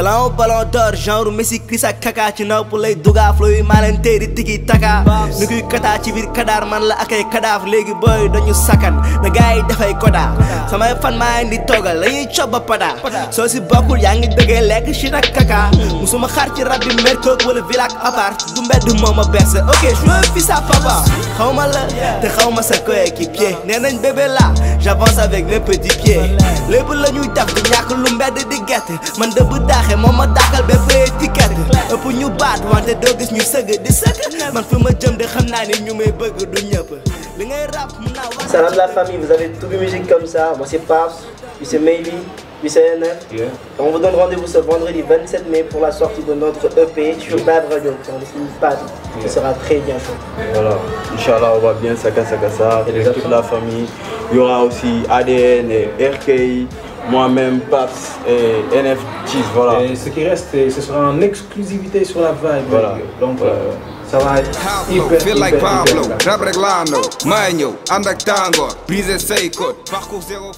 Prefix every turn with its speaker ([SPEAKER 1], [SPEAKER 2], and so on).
[SPEAKER 1] Talão, balão d'or, genre, Messi, Chris, kaka ci nopp duga dugaaf looy maaleen téeri tigi taka ni kuy kataa ci biir kadaar man la akay kadaaf léegi booy dañu sakkan na gars yi dafay kodaa samay fan maa di toogal lañuy coba padaa soo si bokkul yaa ngi dëggee lekk shit kaka musuma xar ci rab bi merkoog wala village apart du mbedd moo berse ok joué fi sa papa xaw la te xaw ma sa coéquipier nee bébé la j'avance avec mes petits pieds lépp la ñuy daf di ñàkk lu mbedd di gett man dëbb daax neexee moom ma dàqal bépp étiquette ëpp ñu baat wante doo gis ñu seug di seug
[SPEAKER 2] man fi ma jëm de xamna ni ñu may bëgg du ñëpp li ngay rap mun naa wax. Salam la famille vous avez tout musique comme ça moi c'est Paps c'est Maybe, lui c'est NF. on vous donne rendez-vous ce vendredi 27 mai pour la sortie de notre EP sur Bad Radio sur le film ce sera très bien
[SPEAKER 3] voilà Inch'Allah on va bien Saka Saka ça avec toute la famille il y aura aussi ADN et RKI moi-même, Paps et NFTs, voilà. Et ce qui reste, ce sera en exclusivité sur la vibe. Voilà. Donc, Euh, ça
[SPEAKER 2] va être hyper, feel like Pablo, rap reglano, magno, andak tango, brise 6 parcours zéro